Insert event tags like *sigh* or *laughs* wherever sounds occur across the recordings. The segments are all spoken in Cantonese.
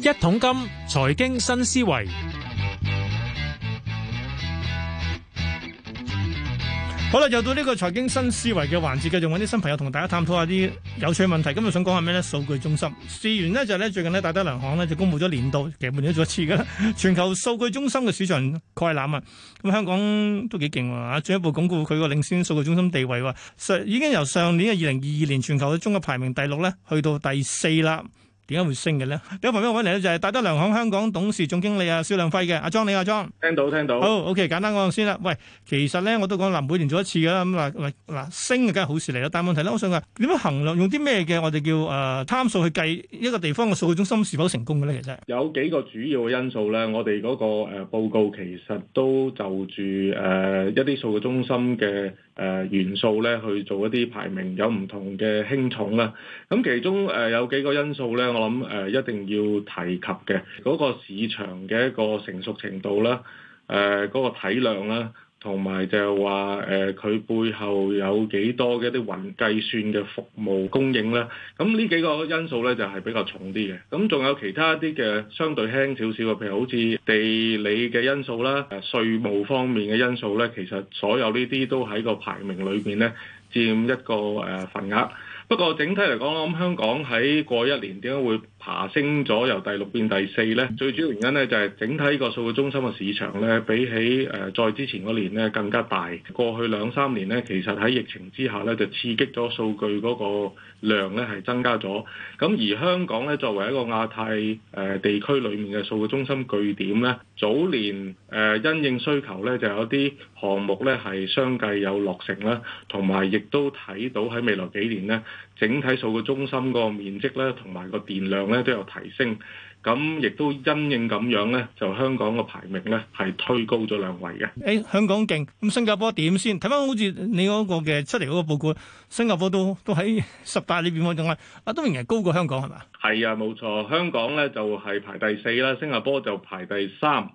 一桶金，財經新思維。好啦，又到呢個財經新思維嘅環節，繼續揾啲新朋友同大家探討下啲有趣嘅問題。今日想講下咩咧？數據中心。事緣呢，就呢、是、最近呢，戴德梁行呢就公布咗年度，其實半年一次嘅全球數據中心嘅市場概覽啊。咁香港都幾勁啊，進一步鞏固佢個領先數據中心地位。上已經由上年嘅二零二二年全球嘅中國排名第六咧，去到第四啦。點解會升嘅咧？啲朋友揾嚟咧，就係戴德梁行香港董事總經理啊，蕭亮輝嘅阿莊，你阿莊聽到聽到好 OK，簡單講先啦。喂，其實咧我都講啦，每年做一次噶啦。咁啊，喂，嗱升啊，梗係好事嚟啦。但係問題咧，我想問，點樣衡量，用啲咩嘅？我哋叫誒，參數去計一個地方嘅數據中心是否成功嘅咧？其實有幾個主要嘅因素咧，我哋嗰個誒報告其實都就住誒一啲數據中心嘅誒、呃，元素咧去做一啲排名，有唔同嘅輕重啦。咁其中誒、呃、有幾個因素咧，我諗誒、呃、一定要提及嘅，嗰、嗰個市場嘅一個成熟程度啦，誒、呃，嗰、嗰個體量啦。同埋就係話誒，佢、呃、背後有幾多嘅一啲雲計算嘅服務供應啦。咁呢幾個因素咧，就係、是、比較重啲嘅。咁仲有其他一啲嘅相對輕少少嘅，譬如好似地理嘅因素啦，誒、啊、稅務方面嘅因素咧，其實所有呢啲都喺個排名裏邊咧佔一個誒份額。不過整體嚟講，我、嗯、諗香港喺過一年點解會爬升咗由第六變第四咧，最主要原因咧就係整體個數據中心嘅市場咧，比起誒再之前嗰年咧更加大。過去兩三年咧，其實喺疫情之下咧，就刺激咗數據嗰個量咧係增加咗。咁而香港咧作為一個亞太誒地區裏面嘅數據中心據點咧，早年誒、呃、因應需求咧就有啲項目咧係相繼有落成啦，同埋亦都睇到喺未來幾年咧，整體數據中心個面積咧同埋個電量咧，都有提升，咁亦都因應咁樣咧，就香港個排名咧係推高咗兩位嘅。誒、哎，香港勁，咁新加坡點先？睇返好似你嗰個嘅出嚟嗰個報告，新加坡都都喺十八大裏邊當中咧，都仍然高過香港係嘛？係啊，冇錯，香港咧就係、是、排第四啦，新加坡就排第三。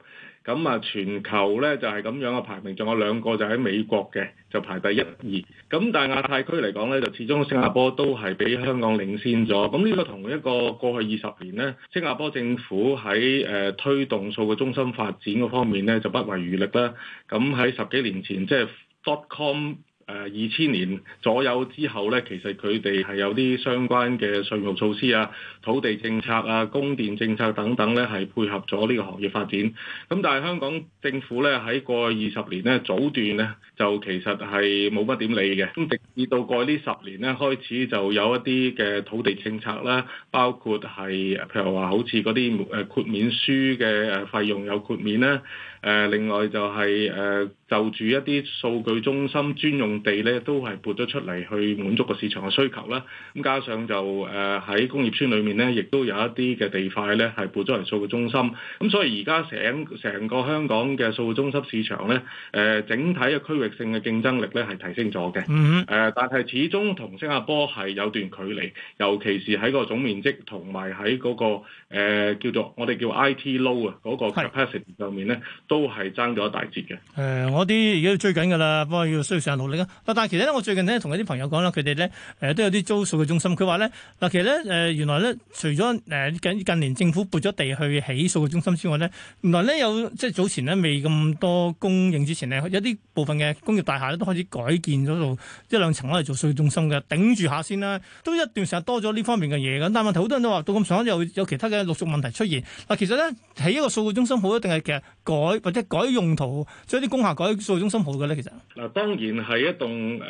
咁啊，全球咧就係咁樣嘅排名，仲有兩個就喺美國嘅，就排第一、二。咁但係亞太區嚟講咧，就始終新加坡都係比香港領先咗。咁呢個同一個過去二十年咧，新加坡政府喺誒、呃、推動數據中心發展嗰方面咧，就不遺餘力啦。咁喺十幾年前，即係 dotcom。Com 誒二千年左右之後咧，其實佢哋係有啲相關嘅稅務措施啊、土地政策啊、供電政策等等咧，係配合咗呢個行業發展。咁但係香港政府咧喺過去二十年咧，早段咧就其實係冇乜點理嘅。咁直至到過去呢十年咧開始，就有一啲嘅土地政策啦，包括係譬如話好似嗰啲誒豁免書嘅誒費用有豁免啦。誒另外就係、是、誒、呃、就住一啲數據中心專用地咧，都係撥咗出嚟去滿足個市場嘅需求啦。咁加上就誒喺、呃、工業村裏面咧，亦都有一啲嘅地塊咧係撥咗嚟數據中心。咁所以而家成成個香港嘅數據中心市場咧，誒、呃、整體嘅區域性嘅競爭力咧係提升咗嘅。嗯。誒，但係始終同新加坡係有段距離，尤其是喺個總面積同埋喺嗰個、呃、叫做我哋叫 IT low 啊嗰個 capacity 上面咧。都係爭咗一大截嘅。誒、呃，我啲而家都追緊㗎啦，不過要需要上下努力咯。嗱，但係其實咧，我最近咧同一啲朋友講啦，佢哋咧誒都有啲租數據中心。佢話咧，嗱其實咧誒、呃、原來咧，除咗誒、呃、近近年政府撥咗地去起數據中心之外咧，原來咧有即係早前咧未咁多供應之前咧，有啲部分嘅工業大廈咧都開始改建咗度一兩層攞嚟做數據中心嘅，頂住下先啦。都一段時間多咗呢方面嘅嘢咁，但係問題好多人都話到咁上有，又有其他嘅陸續問題出現。嗱，其實咧起一個數據中心好一定係其實改？或者改用途，將啲工廈改數據中心好嘅咧，其實嗱當然係一棟誒誒、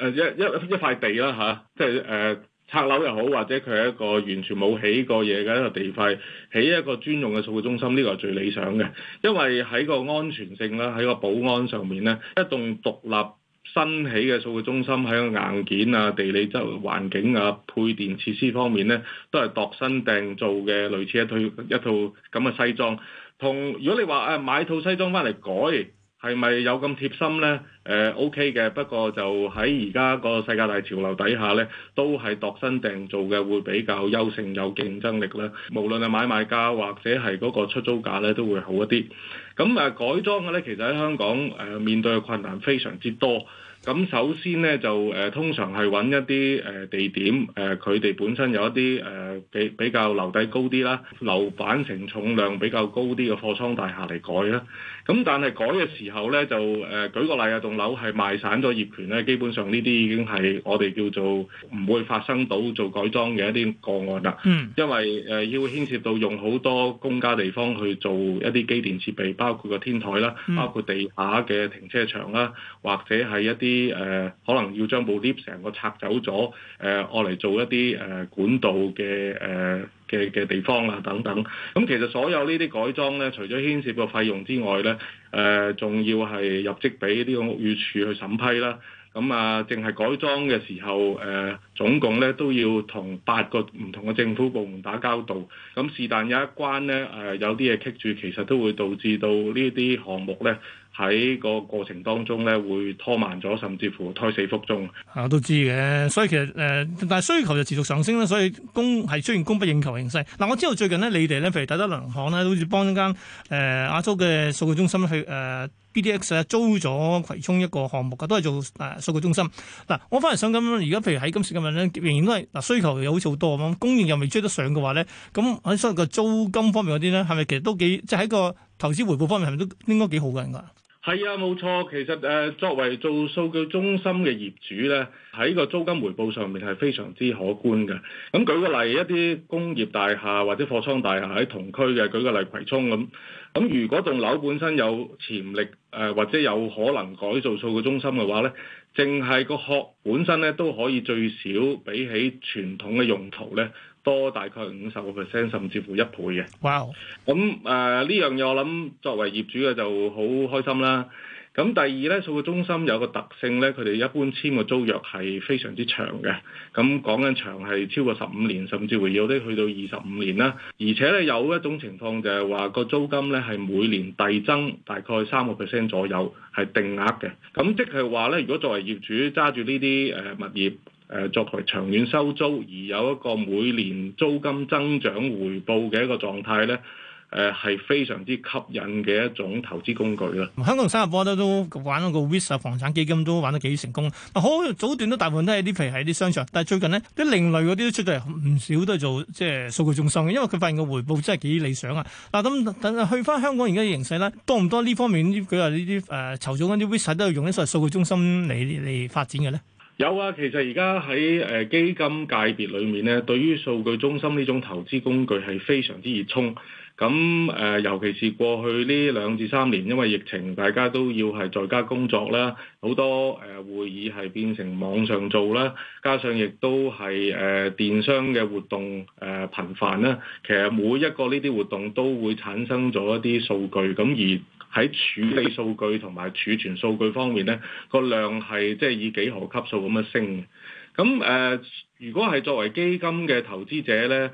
呃、一一一塊地啦吓、啊，即係誒、呃、拆樓又好，或者佢係一個完全冇起過嘢嘅一個地塊，起一個專用嘅數據中心，呢個係最理想嘅，因為喺個安全性啦，喺個保安上面咧，一棟獨立新起嘅數據中心喺個硬件啊、地理周圍環境啊、配電設施方面咧，都係度身訂造嘅，類似一套一套咁嘅西裝。同如果你話誒、啊、買套西裝翻嚟改，係咪有咁貼心呢？誒 O K 嘅，不過就喺而家個世界大潮流底下呢，都係度身訂造嘅，會比較優勝有競爭力啦。無論係買賣價或者係嗰個出租價呢，都會好一啲。咁啊，改裝嘅呢，其實喺香港誒、啊、面對嘅困難非常之多。咁首先咧就誒、啊、通常係揾一啲誒、啊、地點，誒佢哋本身有一啲誒、啊、比比較樓底高啲啦，樓、啊、板承重量比較高啲嘅貨倉大廈嚟改啦。啊咁、嗯、但係改嘅時候咧，就誒、呃、舉個例啊，棟樓係賣散咗業權咧，基本上呢啲已經係我哋叫做唔會發生到做改裝嘅一啲個案啦。嗯，因為誒、呃、要牽涉到用好多公家地方去做一啲機電設備，包括個天台啦，包括地下嘅停車場啦，或者係一啲誒、呃、可能要將部 lift 成個拆走咗，誒、呃，攞嚟做一啲誒、呃、管道嘅誒。呃嘅嘅地方啊，等等。咁其實所有呢啲改裝呢，除咗牽涉嘅費用之外呢，誒、呃、仲要係入則俾呢個屋宇署去審批啦。咁啊，淨係改裝嘅時候，誒、呃、總共呢都要同八個唔同嘅政府部門打交道。咁是但有一關呢，誒、呃、有啲嘢棘住，其實都會導致到呢啲項目呢。喺個過程當中咧，會拖慢咗，甚至乎胎死腹中。啊，都知嘅，所以其實誒、呃，但係需求就持續上升啦，所以供係雖然供不應求形勢。嗱、啊，我知道最近呢，你哋咧，譬如大家銀行咧，好似幫一間誒、呃、亞洲嘅數據中心去誒、呃、B D X 啊，租咗葵涌一個項目噶，都係做誒數據中心。嗱、啊，我反而想咁，如果譬如喺今時今日咧，仍然都係嗱、啊、需求好又好似好多咁，供應又未追得上嘅話咧，咁喺所謂個租金方面嗰啲咧，係咪其實都幾即係喺個投資回報方面係咪都應該幾好嘅？係啊，冇錯，其實誒作為做數據中心嘅業主呢，喺個租金回報上面係非常之可觀嘅。咁舉個例，一啲工業大廈或者貨倉大廈喺同區嘅，舉個例葵涌咁。咁如果棟樓本身有潛力誒，或者有可能改造數據中心嘅話呢。淨係個殼本身咧，都可以最少比起傳統嘅用途咧，多大概五十個 percent 甚至乎一倍嘅。哇 Wow.！咁誒呢樣嘢我諗作為業主嘅就好開心啦。咁第二咧，數據中心有個特性咧，佢哋一般簽個租約係非常之長嘅。咁講緊長係超過十五年，甚至乎有啲去到二十五年啦。而且咧有一種情況就係話個租金咧係每年遞增大概三個 percent 左右，係定額嘅。咁即係話咧，如果作為業主揸住呢啲誒物業誒作為長遠收租，而有一個每年租金增長回報嘅一個狀態咧。誒係非常之吸引嘅一種投資工具啦。香港人新加坡都都玩嗰個 Visa 房產基金都玩得幾成功。好早段都大部分都係啲譬如喺啲商場，但係最近呢，啲另類嗰啲都出到嚟，唔少都係做即係數據中心嘅，因為佢發現個回報真係幾理想啊。嗱咁等去返香港而家嘅形勢咧，多唔多呢方面？佢話呢啲誒籌咗緊啲 Visa 都係用一實數據中心嚟嚟發展嘅咧。有啊，其實而家喺誒基金界別裡面呢，對於數據中心呢種投資工具係非常之熱衷。咁誒，尤其是過去呢兩至三年，因為疫情，大家都要係在家工作啦，好多誒會議係變成網上做啦，加上亦都係誒電商嘅活動誒頻繁啦，其實每一個呢啲活動都會產生咗一啲數據，咁而喺處理數據同埋儲存數據方面咧，個量係即係以幾何級數咁樣升嘅。咁誒，如果係作為基金嘅投資者咧，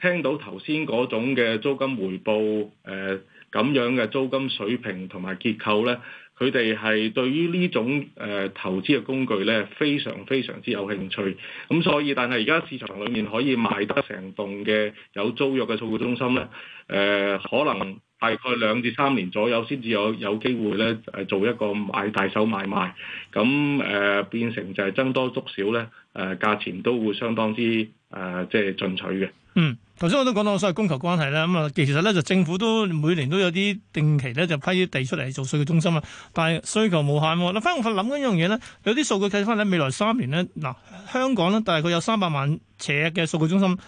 聽到頭先嗰種嘅租金回報，誒、呃、咁樣嘅租金水平同埋結構咧，佢哋係對於呢種誒、呃、投資嘅工具咧，非常非常之有興趣。咁所以，但係而家市場裏面可以賣得成棟嘅有租約嘅數據中心咧，誒、呃、可能。大概兩至三年左右先至有有機會咧，誒做一個買大手買賣，咁誒、呃、變成就係僧多粥少咧，誒、呃、價錢都會相當之誒、呃、即係進取嘅。嗯，頭先我都講到所謂供求關係啦。咁、嗯、啊其實咧就政府都每年都有啲定期咧就批地出嚟做數據中心啊，但係需求無限、啊。嗱，翻我諗緊一樣嘢咧，有啲數據計翻咧，未來三年咧嗱香港咧大概有三百萬尺嘅數據中心。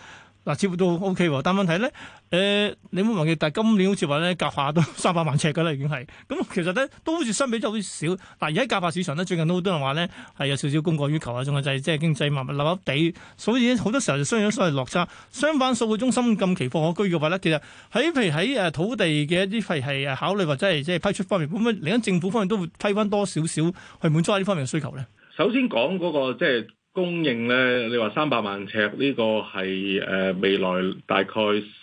嗱，似乎都 OK 喎，但問題咧，誒、呃，你冇忘記，但係今年好似話咧，甲廈都三百萬尺嘅啦，已經係，咁其實咧都好似相比都好少。嗱，而家甲廈市場咧，最近都好多人話咧，係有少少供過於求啊，仲有就係即係經濟麻麻立粒地，所以好多時候就出現咗所謂落差。相反，數據中心咁奇貨可居嘅話咧，其實喺譬如喺誒土地嘅一啲係係考慮或者係即係批出方面，咁樣嚟緊政府方面都會批返多少少去滿足下呢方面嘅需求咧。首先講嗰、嗰個即係。即係供應咧，你話三百萬尺呢、這個係誒、呃、未來大概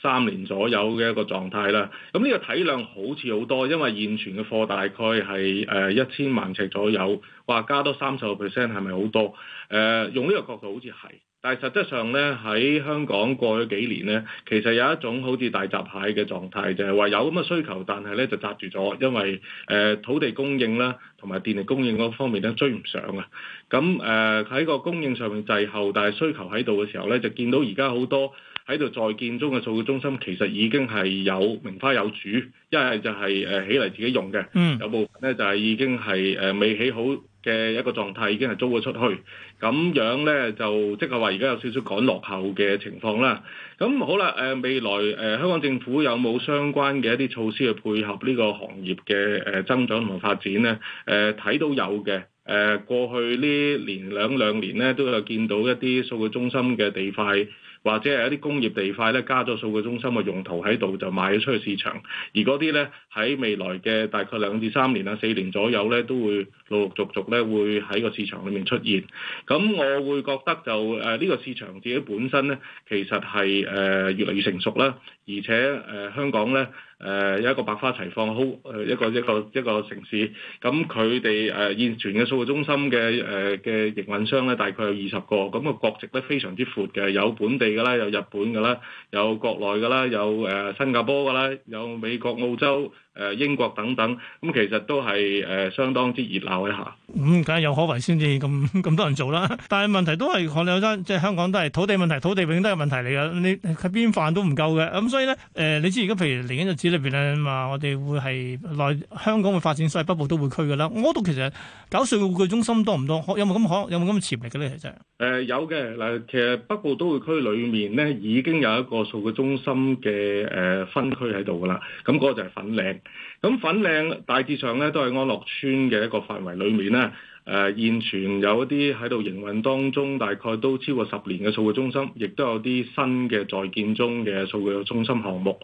三年左右嘅一個狀態啦。咁、嗯、呢、這個體量好似好多，因為現存嘅貨大概係誒一千萬尺左右，話加多三十個 percent 係咪好多？誒、呃，用呢個角度好似係。但係實質上咧，喺香港過咗幾年咧，其實有一種好似大閘蟹嘅狀態，就係話有咁嘅需求，但係咧就紮住咗，因為誒土地供應啦，同埋電力供應嗰方面咧追唔上啊。咁誒喺個供應上面滯後，但係需求喺度嘅時候咧，就見到而家好多喺度在建中嘅數據中心，其實已經係有名花有主，一係就係誒起嚟自己用嘅，有部分咧就係已經係誒未起好，嘅一個狀態已經係租咗出去，咁樣咧就即係話而家有少少趕落後嘅情況啦。咁好啦，誒、呃、未來誒、呃、香港政府有冇相關嘅一啲措施去配合呢個行業嘅誒、呃、增長同發展咧？誒、呃、睇都有嘅。誒過去呢年兩兩年咧，都有見到一啲數據中心嘅地塊，或者係一啲工業地塊咧，加咗數據中心嘅用途喺度，就賣咗出去市場。而嗰啲咧喺未來嘅大概兩至三年啊、四年左右咧，都會陸陸續續咧會喺個市場裏面出現。咁我會覺得就誒呢個市場自己本身咧，其實係誒、呃、越嚟越成熟啦，而且誒、呃、香港咧。誒、呃、有一個百花齊放，好誒一個一個一個城市，咁佢哋誒現存嘅數據中心嘅誒嘅營運商咧，大概有二十個，咁、那個國籍咧非常之闊嘅，有本地㗎啦，有日本㗎啦，有國內㗎啦，有誒、呃、新加坡㗎啦，有美國、澳洲。誒英國等等，咁其實都係誒相當之熱鬧一下。咁梗係有可為先至咁咁多人做啦。但係問題都係我有得即係香港都係土地問題，土地永遠都係問題嚟㗎。你喺邊範都唔夠嘅。咁、嗯、所以咧，誒、呃、你知而家譬如嚟緊個紙裏邊咧嘛，我哋會係內香港會發展所北部都會區㗎啦。我覺得其實搞數據中心多唔多，有冇咁可有冇咁嘅潛力嘅咧？其實誒有嘅嗱，其實北部都會區裏面咧已經有一個數據中心嘅誒、呃、分區喺度㗎啦。咁、那、嗰個就係粉嶺。咁粉嶺大致上咧都係安樂村嘅一個範圍裏面咧，誒、呃，現存有一啲喺度營運當中，大概都超過十年嘅數據中心，亦都有啲新嘅在建中嘅數據中心項目。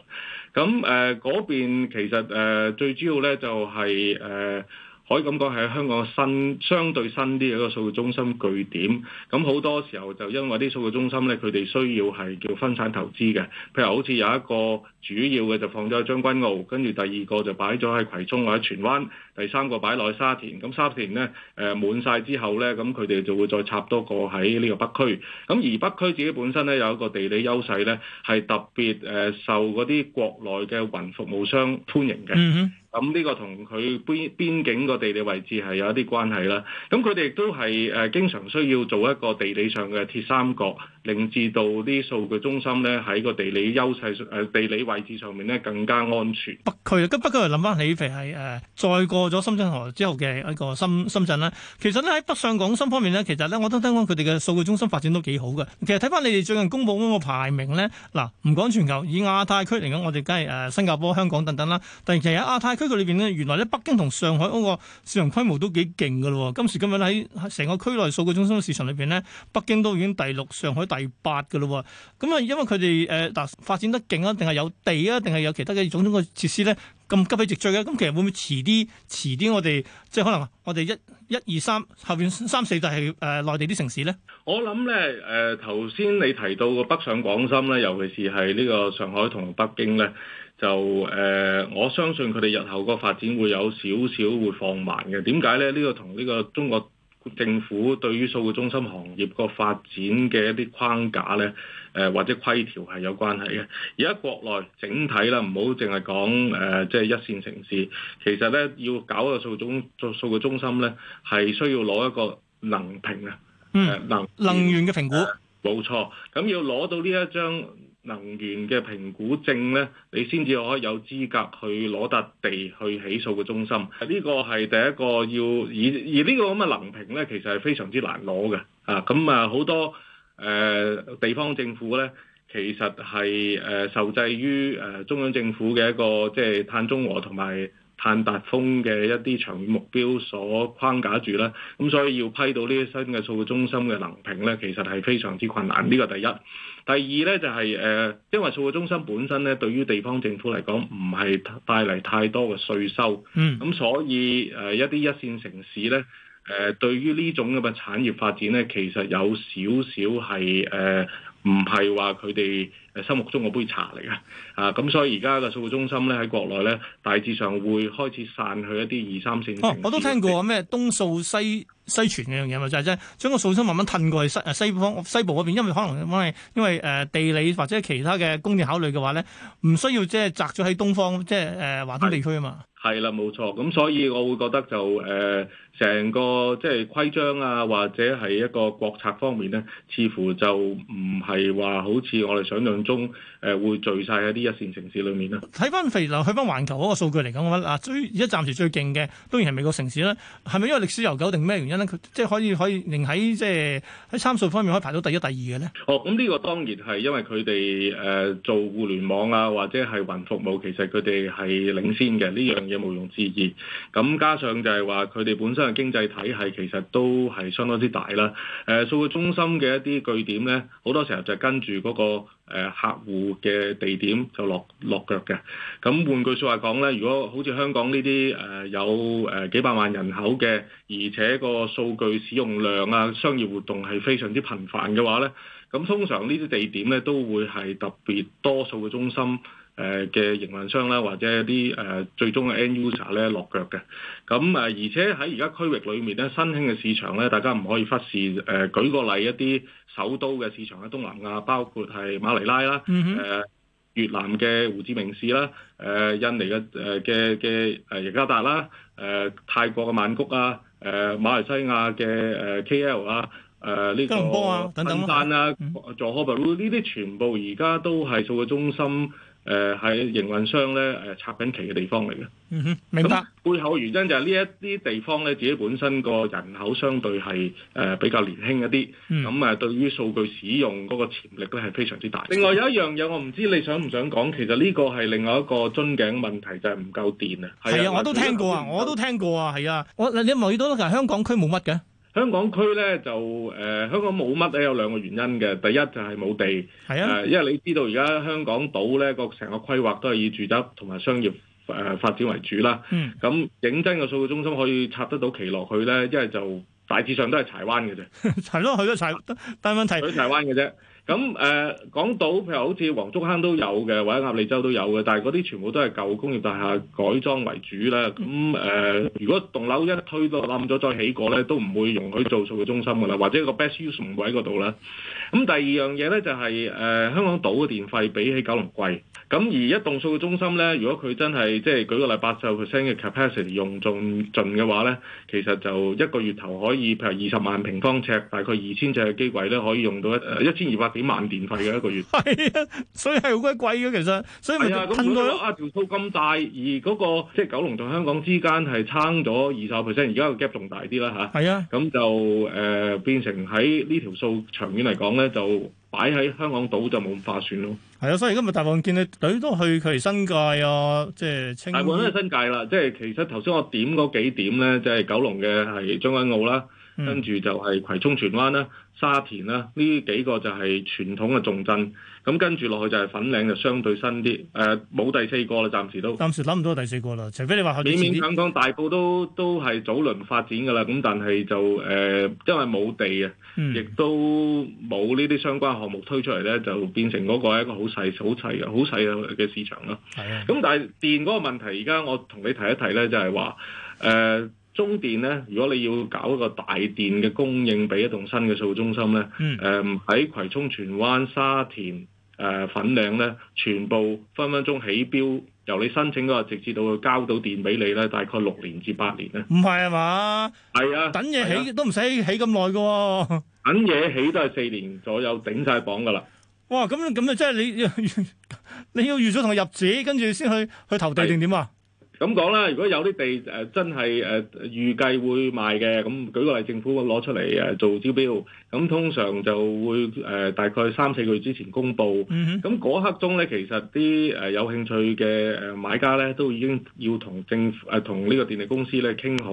咁誒，嗰、呃、邊其實誒、呃，最主要咧就係、是、誒。呃可以咁講，係香港新相對新啲嘅一個數據中心據點。咁好多時候就因為啲數據中心咧，佢哋需要係叫分散投資嘅。譬如好似有一個主要嘅就放咗喺將軍澳，跟住第二個就擺咗喺葵涌或者荃灣，第三個擺落去沙田。咁沙田咧，誒、呃、滿晒之後咧，咁佢哋就會再插多個喺呢個北區。咁而北區自己本身咧有一個地理優勢咧，係特別誒受嗰啲國內嘅雲服務商歡迎嘅。Mm hmm. 咁呢、嗯，呢個同佢邊邊境個地理位置係有一啲關係啦。咁佢哋亦都係誒經常需要做一個地理上嘅鐵三角，令至到啲數據中心咧喺個地理優勢誒、呃、地理位置上面咧更加安全。北區啊，咁不過又諗翻起，譬如係、呃、再過咗深圳河之後嘅一個深深圳咧，其實咧喺北上廣深方面咧，其實咧我都聽講佢哋嘅數據中心發展都幾好嘅。其實睇翻你哋最近公佈嗰個排名咧，嗱唔講全球，以亞太區嚟講，我哋梗係誒新加坡、香港等等啦。但其實亞太區。呢個裏邊呢，原來咧北京同上海嗰個市場規模都幾勁嘅嘞。今時今日喺成個區內數據中心市場裏邊呢，北京都已經第六，上海第八嘅嘞。咁啊，因為佢哋誒嗱發展得勁啊，定係有地啊，定係有其他嘅種種嘅設施咧，咁急起直追嘅。咁其實會唔會遲啲？遲啲我哋即係可能我哋一一二三後邊三四就係誒內地啲城市咧。我諗咧誒，頭先你提到個北上廣深咧，尤其是係呢個上海同北京咧。就誒、呃，我相信佢哋日後個發展會有少少會放慢嘅。點解咧？呢、這個同呢個中國政府對於數據中心行業個發展嘅一啲框架咧，誒、呃、或者規條係有關係嘅。而家國內整體啦，唔好淨係講誒，即、呃、係、就是、一線城市，其實咧要搞個數中做數據中心咧，係需要攞一個能評啊，嗯、能評能源嘅評估，冇錯，咁要攞到呢一張。能源嘅評估證呢，你先至可以有資格去攞笪地去起數據中心，呢、這個係第一個要以而，而個呢個咁嘅能評呢，其實係非常之難攞嘅。啊，咁啊好多誒、呃、地方政府呢，其實係誒、呃、受制於誒中央政府嘅一個即係、就是、碳中和同埋。限達峯嘅一啲長遠目標所框架住啦，咁所以要批到呢啲新嘅數據中心嘅能評咧，其實係非常之困難。呢個第一，第二咧就係誒，因為數據中心本身咧對於地方政府嚟講唔係帶嚟太多嘅稅收，嗯，咁所以誒一啲一線城市咧。誒、呃，對於呢種咁嘅產業發展咧，其實有少少係誒，唔係話佢哋誒心目中嗰杯茶嚟嘅，啊、呃，咁所以而家個數據中心咧喺國內咧，大致上會開始散去一啲二三線。哦。我都聽過咩東數西西傳嘅樣嘢，咪就係、是、將個數心慢慢褪過去西誒西方西部嗰邊，因為可能因為因為誒地理或者其他嘅工業考慮嘅話咧，唔需要即係集咗喺東方，即係誒華東地區啊嘛。係啦，冇錯，咁所以我會覺得就誒。呃成個即係規章啊，或者係一個國策方面咧，似乎就唔係話好似我哋想象中誒會聚晒喺啲一線城市裏面啦。睇翻肥牛，去翻環球嗰個數據嚟講咧，我啊最而家暫時最勁嘅當然係美國城市啦。係咪因為歷史悠久定咩原因咧？佢即係可以可以仍喺即係喺參數方面可以排到第一、第二嘅咧？哦，咁、嗯、呢、這個當然係因為佢哋誒做互聯網啊，或者係雲服務，其實佢哋係領先嘅，呢樣嘢毋庸置疑。咁加上就係話佢哋本身。經濟體系其實都係相當之大啦。誒，數據中心嘅一啲據點呢，好多時候就跟住嗰個誒客戶嘅地點就落落腳嘅。咁換句說話講呢，如果好似香港呢啲誒有誒幾百萬人口嘅，而且個數據使用量啊、商業活動係非常之頻繁嘅話呢，咁通常呢啲地點呢都會係特別多數據中心。誒嘅、呃、營運商啦，或者一啲誒、呃、最終嘅 end user 咧落腳嘅。咁、呃、誒，而且喺而家區域裏面咧，新興嘅市場咧，大家唔可以忽視。誒、呃，舉個例，一啲首都嘅市場喺東南亞，包括係馬尼拉啦，誒、嗯哼呃、越南嘅胡志明市啦，誒、呃、印尼嘅誒嘅嘅誒耶加達啦，誒、呃、泰國嘅曼谷啊，誒、呃、馬來西亞嘅誒 KL 啊，誒呢個檳城啦，佐科巴魯呢啲全部而家都係數據中心。誒，係營運商咧，誒，插緊旗嘅地方嚟嘅。嗯哼，明白。背後原因就係呢一啲地方咧，自己本身個人口相對係誒比較年輕一啲，咁啊、嗯，對於數據使用嗰個潛力咧係非常之大。嗯，另外有一樣嘢，我唔知你想唔想講，其實呢個係另外一個樽頸問題，就係唔夠電啊。係啊，我都聽過啊，我都聽過啊，係啊，我你有冇遇到其實香港區冇乜嘅。香港區咧就誒、呃、香港冇乜咧，有兩個原因嘅。第一就係冇地，係啊、呃，因為你知道而家香港島咧，個成個規劃都係以住宅同埋商業誒、呃、發展為主啦。嗯，咁認真嘅數據中心可以插得到旗落去咧，因為就大致上都係柴灣嘅啫。係咯， *laughs* 去咗柴，但係問題去柴灣嘅啫。咁誒，港島、呃、譬如好似黃竹坑都有嘅，或者鴨脷洲都有嘅，但係嗰啲全部都係舊工業大廈改裝為主啦。咁誒、呃，如果棟樓一推到冧咗再起過咧，都唔會容許做數據中心㗎啦，或者個 best use 唔會喺嗰度啦。咁第二樣嘢咧就係、是、誒、呃，香港島嘅電費比起九龍貴。咁而一棟數據中心咧，如果佢真係即係舉個例拜，八十九 percent 嘅 capacity 用盡盡嘅話咧，其實就一個月頭可以譬如二十萬平方尺，大概二千隻機櫃咧，可以用到一一千二百。幾萬電費嘅一個月，係啊，所以係好鬼貴嘅，其實，所以咪就趁佢啊條數咁大，而嗰、那個即係、就是、九龍同香港之間係差咗二十 percent，而家個 gap 仲大啲啦吓，係啊，咁、啊、就誒、呃、變成喺呢條數長遠嚟講咧，就擺喺香港島就冇咁劃算咯。係啊，所以今日大部分見咧，佢都去佢新界啊，即係清。大部分都係新界啦，即係其實頭先我點嗰幾點咧，即、就、係、是、九龍嘅係將軍澳啦。跟住就係葵涌、荃灣啦、沙田啦，呢幾個就係傳統嘅重鎮。咁跟住落去就係粉嶺，就相對新啲。誒、呃，冇第四個啦，暫時都。暫時諗唔到第四個啦，除非你話後年勉勉強強，明明大埔都都係早輪發展噶啦。咁但係就誒、呃，因為冇地呀，亦、嗯、都冇呢啲相關項目推出嚟咧，就變成嗰個一個好細、好細嘅、好細嘅嘅市場咯。係啊。咁、嗯、但係電嗰個問題，而家我同你提一提咧，就係話誒。呃中電咧，如果你要搞一個大電嘅供應俾一棟新嘅數據中心咧，誒喺、嗯呃、葵涌、荃灣、沙田、誒、呃、粉嶺咧，全部分分鐘起標，由你申請嗰個直至到佢交到電俾你咧，大概六年至八年咧。唔係啊嘛？係啊，等嘢起、啊、都唔使起咁耐嘅喎。等嘢起都係四年左右頂曬榜嘅啦。哇！咁咁啊，即係你你要預咗同佢入紙，跟住先去去投地定點啊？咁講啦，如果有啲地誒、呃、真係誒、呃、預計會賣嘅，咁舉個例，政府攞出嚟誒做招標，咁通常就會誒、呃、大概三四個月之前公佈。咁嗰、嗯、哼刻中呢，其實啲誒、呃、有興趣嘅誒買家呢，都已經要同政誒同呢個電力公司呢傾好，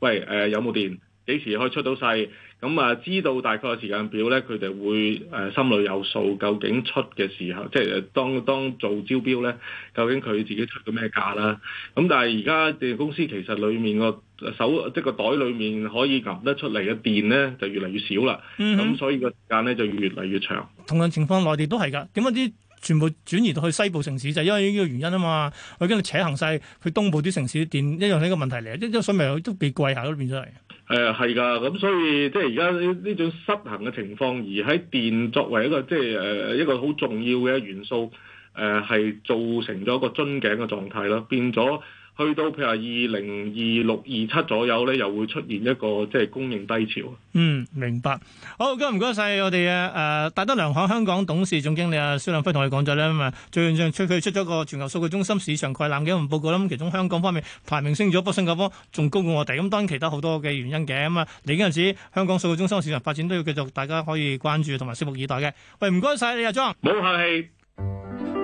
喂誒、呃、有冇電？幾時可以出到世？咁啊，知道大概嘅時間表咧，佢哋會誒心裏有數，究竟出嘅時候，即係當當做招標咧，究竟佢自己出咗咩價啦。咁但係而家電公司其實裡面個手，即係個袋裡面可以揼得出嚟嘅電咧，就越嚟越少啦。嗯哼。咁所以個時間咧就越嚟越長。同樣情況，內地都係㗎。點解啲？全部轉移到去西部城市就係、是、因為呢個原因啊嘛，佢跟住扯行曬去東部啲城市，電一樣呢個問題嚟，即係所以咪都變貴下都變咗嚟。誒係噶，咁所以即係而家呢種失衡嘅情況，而喺電作為一個即係誒、呃、一個好重要嘅元素，誒、呃、係造成咗個樽頸嘅狀態咯，變咗。去到譬如話二零二六二七左右呢，又會出現一個即係供應低潮。嗯，明白。好，咁唔該晒我哋嘅誒，戴德梁行香港董事總經理啊，蕭亮輝同我哋講咗呢。咁啊。最近最近出咗個全球數據中心市場概覽嘅一份報告啦。咁其中香港方面排名升咗，不過新加坡仲高過我哋。咁當然其他好多嘅原因嘅咁啊。嚟緊陣時香港數據中心市場發展都要繼續，大家可以關注同埋拭目以待嘅。喂，唔該晒李亞莊，冇客氣。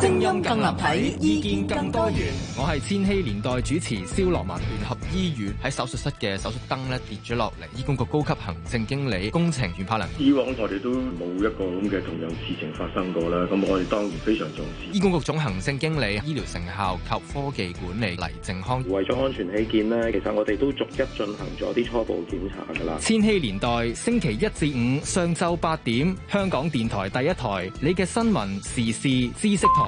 聲音更立體，意見更多元。我係千禧年代主持蕭樂 *noise* 文，聯合醫院喺手術室嘅手術燈咧跌咗落嚟。醫管局高級行政經理工程袁柏林以往我哋都冇一個咁嘅同樣事情發生過啦。咁我哋當然非常重視。醫管局總行政經理醫療成效及科技管理黎靜康為咗安全起見呢，其實我哋都逐一進行咗啲初步檢查噶啦。千禧年代星期一至五上晝八點，香港電台第一台，你嘅新聞時事知識台。